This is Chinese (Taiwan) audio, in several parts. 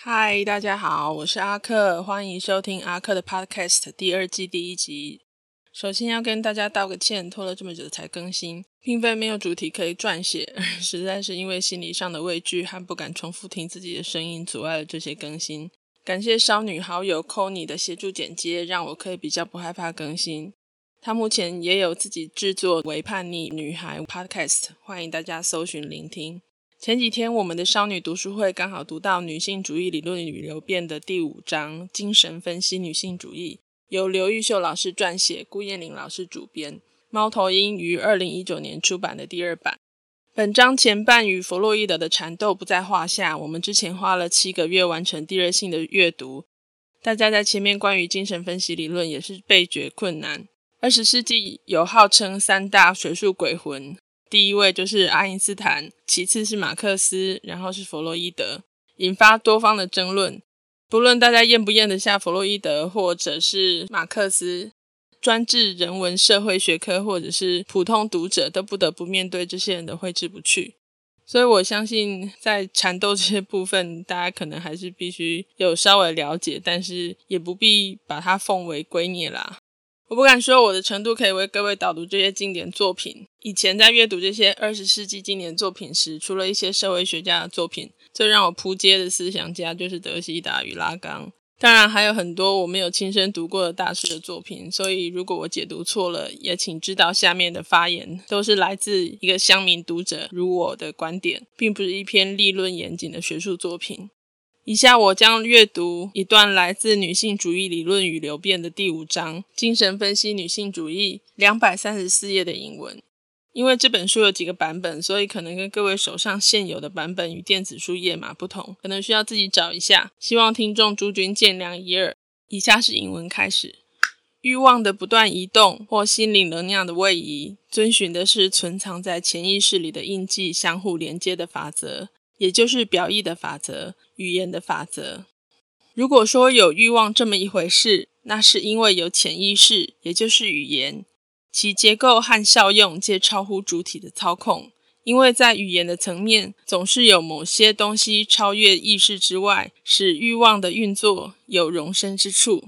嗨，大家好，我是阿克，歡迎收聽阿克的 podcast 第二季第一集。首先要跟大家道個歉，拖了這麼久才更新，並非沒有主題可以撰寫，實在是因為心理上的畏懼和不敢重複聽自己的聲音，阻礙了這些更新。感謝燒女好友 Cony 的協助剪接，讓我可以比較不害怕更新。她目前也有自己制作女孩微叛逆 podcast，歡迎大家搜尋聆聽。前幾天，我們的燒女讀書會剛好讀到《女性主義理論與流變》的第五章“精神分析女性主義”，由劉毓秀老師撰寫，顧燕翎老師主編，《貓頭鷹》於二零一九年出版的第二版。本章前半與弗洛伊德的纏鬥不在話下，我們之前花了七個月完成第二性的閱讀，大家在，在前面關於精神分析理論也是倍覺困難。二十世紀有號稱三大學術鬼魂。第一位就是愛因斯坦，其次是馬克思，然後是弗洛伊德，引發多方的爭論。不論大家嚥不嚥得下弗洛伊德，或者是馬克思，專治人文社會學科，或者是普通讀者，都不得不面對這些人的揮之不去。所以我相信，在纏鬥這些部分，大家可能還是必須有稍微了解，但是也不必把它奉為圭臬啦。我不敢說我的程度可以為各位導讀這些經典作品。以前在閱讀這些二十世紀經典作品時，除了一些社會學家的作品，最讓我撲街的思想家就是德西達與拉岡。當然還有很多我沒有親身讀過的大師的作品。所以，如果我解讀錯了，也請知道下面的發言都是來自一個鄉民讀者如我的觀點，並不是一篇立論嚴謹的學術作品。以下我將閱讀一段來自《女性主義理論與流變》的第五章《精神分析女性主義》兩百三十四頁的引文。因為這本書有幾個版本，所以可能跟各位手上現有的版本與電子書頁碼不同，可能需要自己找一下。希望聽眾諸君見諒一二。以下是引文開始：慾望的不斷移動或心靈能量的位移，遵循的是存藏在潛意識裡的印記相互連接的法則。也就是表意的法則，語言的法則。如果說有欲望這麼一回事，那是因為有潛意識，也就是語言，其結構和效用皆超乎主體的操控。因為在語言的層面，總是有某些東西超越意識之外，使欲望的運作有容身之處。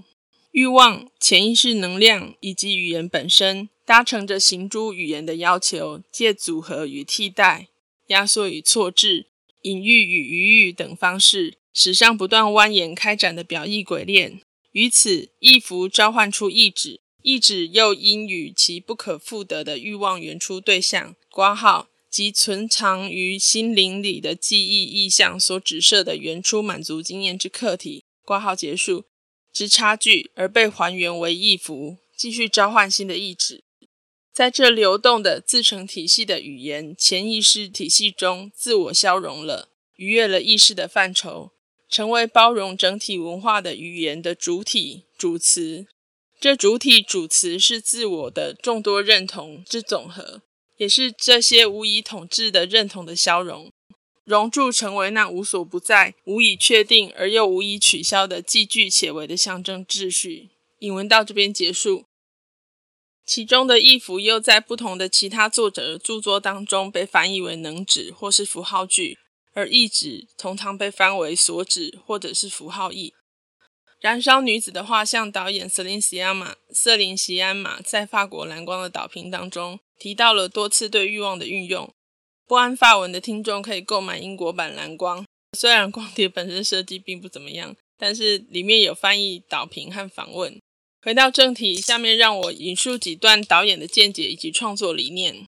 欲望、潛意識能量以及語言本身，搭乘着行諸語言的要求，借組合與替代、壓縮與錯置，隱喻與語喻等方式，史上不斷蜿蜒開展的表意鬼鏈，於此意符召喚出意指，意指又因與其不可復得的欲望原初對象括號即存藏於心靈裡的記憶意象所指涉的原初滿足經驗之客體括號結束之差距，而被還原為意符，繼續召喚新的意指。在這流動的自成體系的語言潛意識體系中，自我消融了，逾越了意識的範疇，成為包容整體文化的語言的主體主詞。這主體主詞是自我的眾多認同之總和，也是這些無以統治的認同的消融，融鑄成為那無所不在、無以確定而又無以取消的既具且為的象徵秩序。引文到這邊結束。其中的意符，又在不同的其他作者的著作當中被翻譯為能指，或是符號具而意指通常被翻為所指，或者是符號義。《燃燒女子的畫像》導演 Siyama, 瑟琳·席安瑪，瑟琳·席安瑪在法國藍光的導評當中提到了多次對慾望的運用。不諳法文的聽眾可以購買英國版藍光，雖然光碟本身設計並不怎麼樣，但是裡面有翻譯導評和訪問。回到正題，下面讓我引述幾段導演的見解以及創作理念。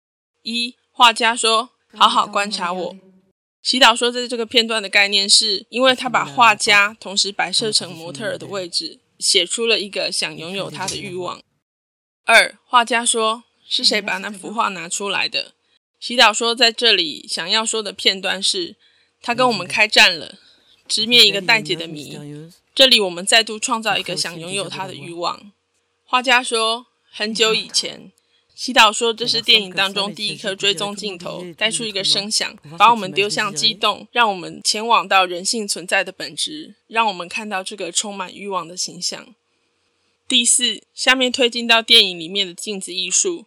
一、畫家說：“好好觀察我。”席導說：“在這個片段的概念是，因為他把畫家同時擺設成模特兒的位置，寫出了一個想擁有他的欲望。”二、畫家說：“是誰把那幅畫拿出來的？”席導說：“在這裡想要說的片段是，他跟我們開戰了，直面一個待解的謎。”這裡，我們再度創造一個想擁有它的慾望。畫家說：“很久以前。”祈禱說：“這是電影當中第一顆追蹤鏡頭，帶出一個聲響，把我們丟向激動，讓我們前往到人性存在的本質，讓我們看到這個充滿慾望的形象。”第四，下面推進到電影裡面的鏡子藝術。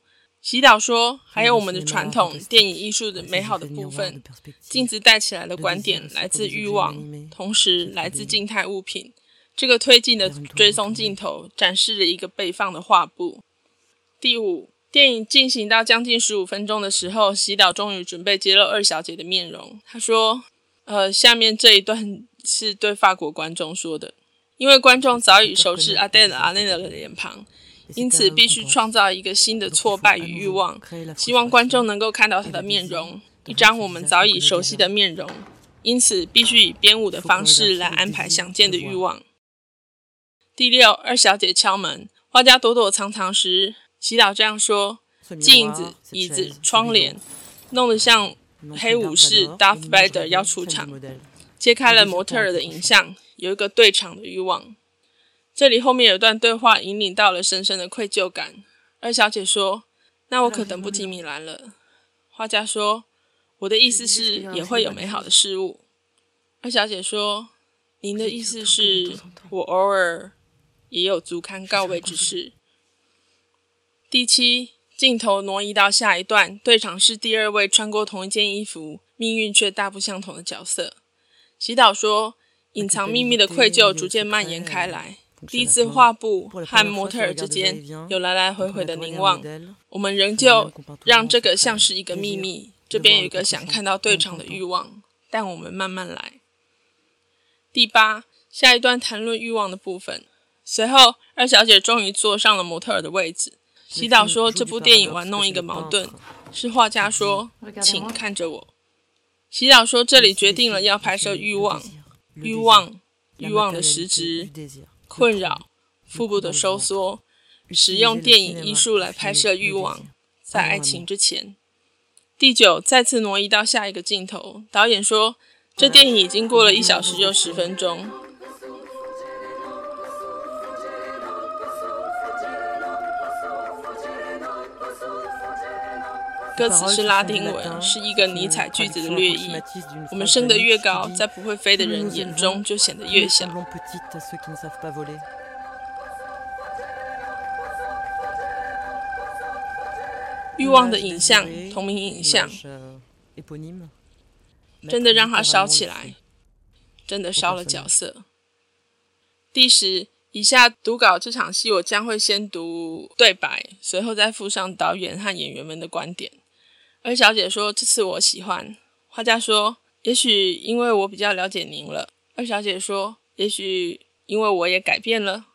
席導說：“還有我們的傳統電影藝術的美好的部分。鏡子帶起來的觀點來自欲望，同時來自靜態物品。這個推進的追蹤鏡頭展示了一個被放的畫布。第五，電影進行到將近十五分鐘的時候，席導終於準備揭露二小姐的面容。他說：‘呃，下面這一段是對法國觀眾說的，因為觀眾早已熟知阿黛爾·阿內爾的臉龐。’”因此，必須創造一個新的挫敗與慾望，希望觀眾能夠看到他的面容，一張我們早已熟悉的面容。因此，必須以編舞的方式來安排想見的慾望。第六，二小姐敲門，畫家躲躲藏藏時，祈禱這樣說：鏡子、椅子、窗簾，弄得像黑武士 Darth Vader 要出場，揭開了模特兒的影像，有一個對場的慾望。這裡後面有一段對話，引領到了深深的愧疚感。二小姐說：“那我可等不及米蘭了。”畫家說：“我的意思是，也會有美好的事物。”二小姐說：“您的意思是，我偶爾也有足堪告慰之事。”第七鏡頭挪移到下一段，對場是第二位穿過同一件衣服、命運卻大不相同的角色。祈禱說：“隱藏秘密的愧疚逐漸蔓延開來。”第一次畫布和模特兒之間有來來回回的凝望，我們仍舊讓這個像是一個秘密。這邊有一個想看到對方的慾望，但我們慢慢來。第八，下一段談論慾望的部分。隨後，二小姐終於坐上了模特兒的位置。洗澡說：“這部電影玩弄一個矛盾，是畫家說，請看着我。”洗澡說：“這裡決定了要拍攝慾望，慾望，慾望的實質。”困擾腹部的收縮，使用電影藝術來拍攝慾望，在愛情之前。第九，再次挪移到下一個鏡頭。導演說：“這電影已經過了一小時又十分鐘。”歌詞是拉丁文，是一個尼采句子的略譯，我們升得越高，在不會飛的人眼中就顯得越小。慾望的影像，同名影像，真的讓它燒起來，真的燒了角色。第十，以下讀稿這場戲，我將會先讀對白，隨後再附上導演和演員們的觀點。二小姐說：“這次我喜歡。”畫家說：“也許因為我比較了解您了。”二小姐說：“也許因為我也改變了。”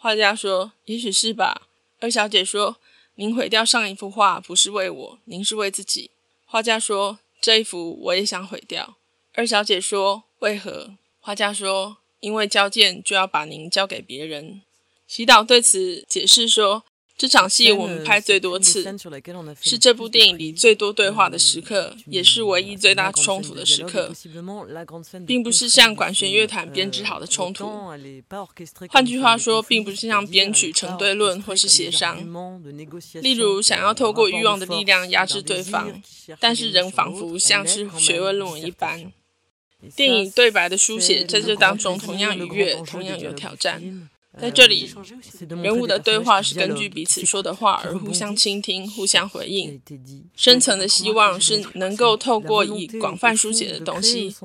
畫家說：“也許是吧。”二小姐說：“您毀掉上一幅畫不是為我，您是為自己。”畫家說：“這一幅我也想毀掉。”二小姐說：“為何？”畫家說：“因為交件就要把您交給別人。”祈禱對此解釋說。這場戲我們拍最多次，是這部電影裡最多對話的時刻，也是唯一最大衝突的時刻。並不是像管弦樂團編織好的衝突，換句話說，並不是像編曲成對論或是協商。例如，想要透過欲望的力量壓制對方，但是人仿佛像是學問論文一般。電影對白的書寫在這當中同樣愉悅，同樣有挑戰。在這裡，人物的對話是根據彼此說的話而互相傾聽、互相回應。深層的希望是能夠透過以廣泛書寫的東西，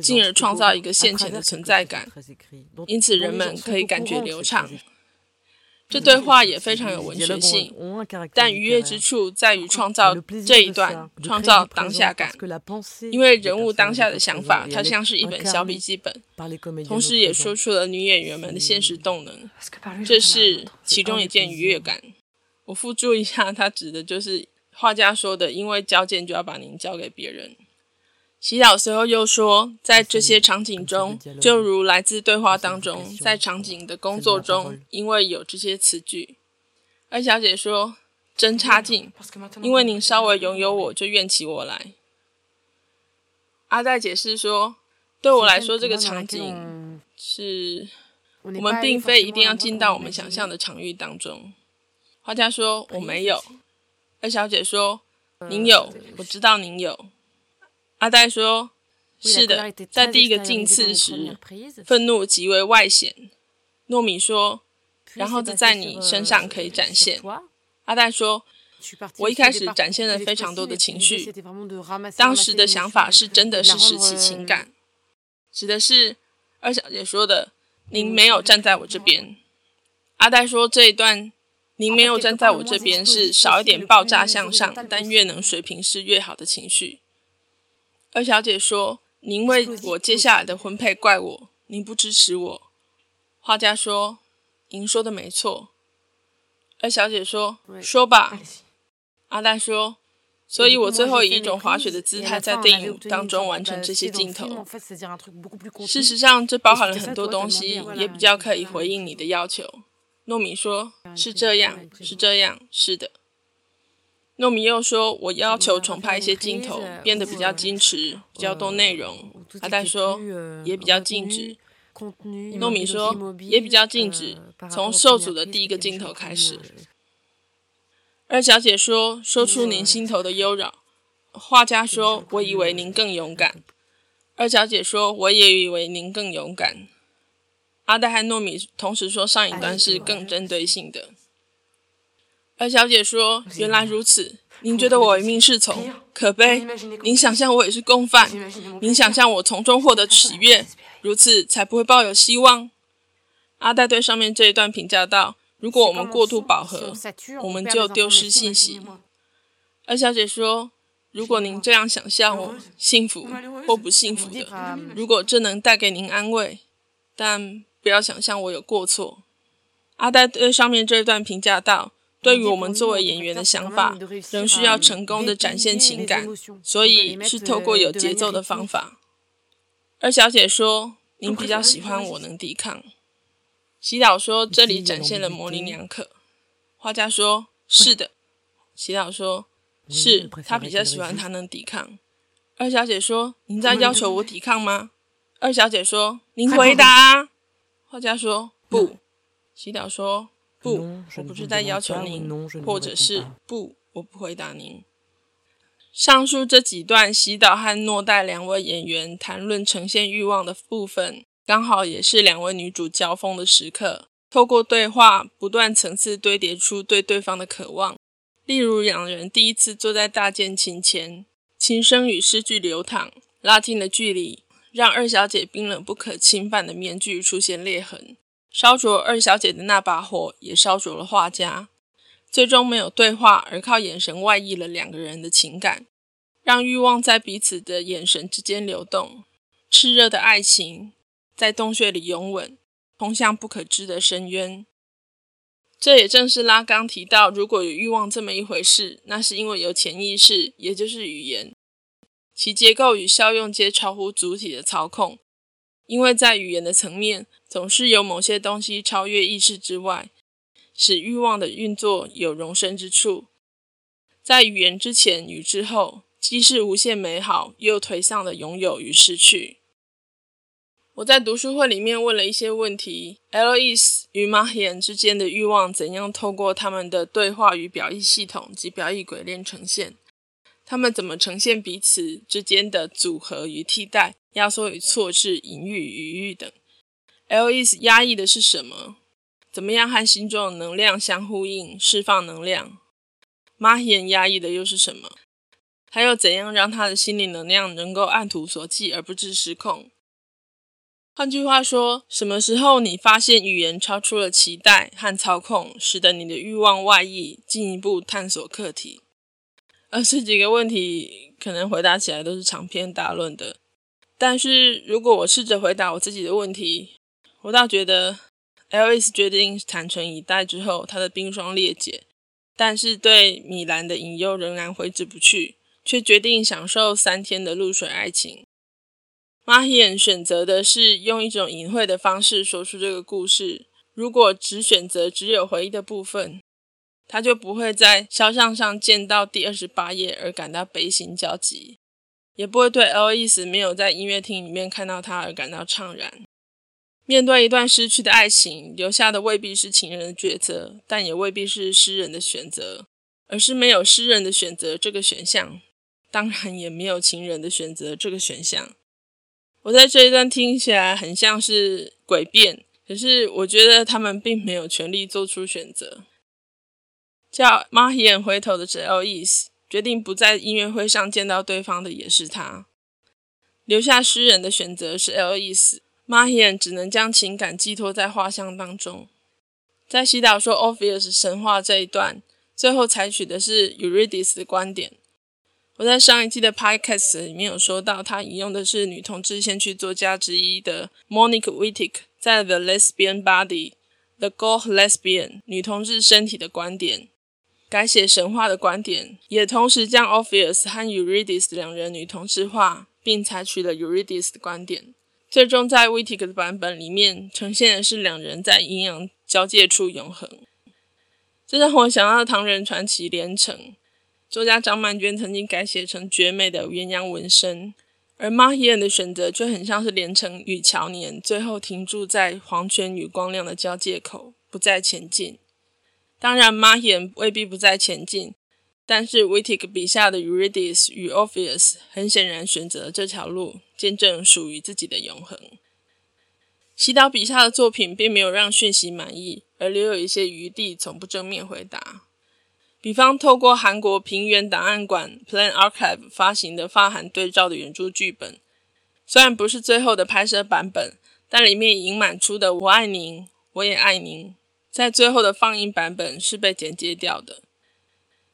進而創造一個現前的存在感，因此人們可以感覺流暢。這對話也非常有文學性，但愉悅之處在於創造這一段，創造當下感。因為人物當下的想法，它像是一本小筆記本，同時也說出了女演員們的現實動能。這是其中一件愉悅感。我複述一下，它指的就是畫家說的，因為交件就要把您交給別人。洗澡時候又說，在這些場景中，就如來自對話當中，在場景的工作中，因為有這些詞句。二小姐說：“真差勁，因為您稍微擁有我就怨起我來。啊”阿黛解釋說：“對我來說，這個場景是，我們並非一定要進到我們想象的場域當中。”畫家說：“我沒有。”二小姐說：“您有，我知道您有。”阿呆說：“是的，在第一個進刺時，憤怒極為外顯。”糯米說：“然後就在你身上可以展現。”阿呆說：“我一開始展現了非常多的情緒，當時的想法是真的，是激起情感，指的是二小姐說的‘您沒有站在我這邊’。”阿呆說：“這一段‘您沒有站在我這邊’是少一點爆炸向上，但越能水平是越好的情緒。”二小姐說：“您為我接下來的婚配怪我，您不支持我。”畫家說：“您說的沒錯。”二小姐說：“說吧。”阿黛說：“所以我最後以一種滑雪的姿態，在電影當中完成這些鏡頭。事實上，這包含了很多東西，也比較可以回應你的要求。”糯米說：“是這樣，是這樣，是的。”糯米又說：“我要求重拍一些鏡頭，變得比較矜持，比較多內容。”阿呆說：“也比較靜止。”糯米說：“也比較靜止，從受阻的第一個鏡頭開始。”二小姐說：“說出您心頭的憂擾。”畫家說：“我以為您更勇敢。”二小姐說：“我也以為您更勇敢。”阿呆和糯米同時說：“上一段是更針對性的。”二小姐說：“原來如此，您覺得我唯命是從，可悲。您想象我也是共犯，您想象我從中獲得喜悅，悅，如此才不會抱有希望。”阿黛對上面這一段評價道：“如果我們過度飽和，我們就丟失信息。”二小姐說：“如果您這樣想象我幸福或不幸福的，如果這能帶給您安慰，但不要想象我有過錯。嗯”阿黛對上面這一段評價道。對於我們作為演員的想法，仍需要成功的展現情感，所以是透過有節奏的方法。二小姐說：“您比較喜歡我能抵抗。”洗澡說：“這裡展現了模棱兩可。”畫家說：“是的。”洗澡說：“是他比較喜歡他能抵抗。”二小姐說：“您在要求我抵抗嗎？”二小姐說：“您回答。”畫家說：“不。”洗澡說。不，我不是在要求您，或者是不，我不回答您。上述這幾段，洗澡和諾帶兩位演員談論呈現欲望的部分，剛好也是兩位女主交鋒的時刻。透過對話，不斷層次堆疊出對對方的渴望。例如，兩人第一次坐在大鍵琴前，琴聲與詩句流淌，拉近了距離，讓二小姐冰冷不可侵犯的面具出現裂痕。燒着二小姐的那把火，也燒着了畫家。最終沒有對話，而靠眼神外溢了兩個人的情感，讓慾望在彼此的眼神之間流動。熾熱的愛情在洞穴裡擁吻，通向不可知的深淵。這也正是拉岡提到，如果有慾望這麼一回事，那是因為有潛意識，也就是語言，其結構與效用皆超乎主體的操控，因為在語言的層面。總是有某些東西超越意識之外，使欲望的運作有容身之處。在語言之前與之後，既是無限美好又頹喪的擁有與失去。我在讀書會裡面問了一些問題，Héloïse 與 Marianne 之間的欲望怎樣透過他們的對話與表意系統及表意軌鏈呈現？他們怎麼呈現彼此之間的組合與替代、壓縮與錯置、隱喻與喻等？L.E.S. 壓抑的是什麼？怎麼樣和心中的能量相呼應，釋放能量？Marianne 壓抑的又是什麼？還有怎樣讓他的心理能量能夠按圖索驥而不致失控？換句話說，什麼時候你發現語言超出了期待和操控，使得你的欲望外溢，進一步探索課題？而這幾個問題可能回答起來都是長篇大論的。但是如果我試着回答我自己的問題，我倒覺得，Héloïse 決定坦誠以待之後，他的冰霜裂解，但是對米蘭的引誘仍然揮之不去，卻決定享受三天的露水愛情。Marianne 選擇的是用一種隱晦的方式說出這個故事。如果只選擇只有回憶的部分，他就不會在肖像上見到第二十八頁而感到悲欣交集，也不會對 Héloïse 沒有在音樂廳裡面看到他而感到悵然。面對一段失去的愛情，留下的未必是情人的抉擇，但也未必是詩人的選擇，而是沒有詩人的選擇這個選項，當然也沒有情人的選擇這個選項。我在這一段聽起來很像是詭辯，可是我覺得他們並沒有權利做出選擇。叫 Marianne 回頭的是 Héloïse，決定不在音樂會上見到對方的也是他，留下詩人的選擇是 Héloïse。瑪莉安只能將情感寄托在畫像當中。在洗澡說奧菲斯神話這一段，最後採取的是尤瑞迪斯的觀點。我在上一季的 Podcast 裡面有說到，他引用的是女同志先驅作家之一的 Monique Wittig 在《The Lesbian Body》《The Gold Lesbian》女同志身體的觀點，改寫神話的觀點，也同時將奧菲斯和尤瑞迪斯兩人女同志化，並採取了尤瑞迪斯的觀點。最終在 Wittig 的版本裡面呈現的是兩人在陰陽交界處永恆。這讓我想到《唐人傳奇》連城，作家張曼娟曾經改寫成絕美的鴛鴦紋身，而 Marianne 的選擇卻很像是連城與喬年最後停駐在黃泉與光亮的交界口，不再前進。當然 Marianne 未必不再前進，但是 Wittig 筆下的 Eurydice 與 Orpheus 很顯然選擇了這條路。見證屬於自己的永恆。祈禱筆下的作品並沒有讓訊息滿意，而留有一些餘地，從不正面回答。比方透過韓國平原檔案館 （Plain Archive） 發行的法韓對照的原著劇本，雖然不是最後的拍攝版本，但裡面隱滿出的“我愛您，我也愛您”，在最後的放映版本是被剪接掉的。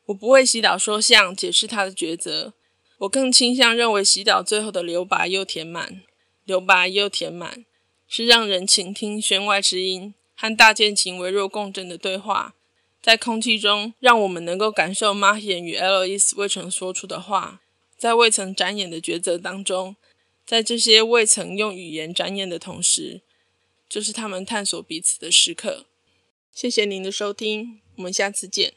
我不會祈禱說相，解釋他的抉擇。我更傾向認為，洗澡最後的留白又填滿，留白又填滿，是讓人傾聽弦外之音和大鍵琴微弱共振的對話，在空氣中讓我們能夠感受瑪莉安與 Héloïse 未曾說出的話，在未曾展演的抉擇當中，在這些未曾用語言展演的同時，就是他們探索彼此的時刻。謝謝您的收聽，我們下次見。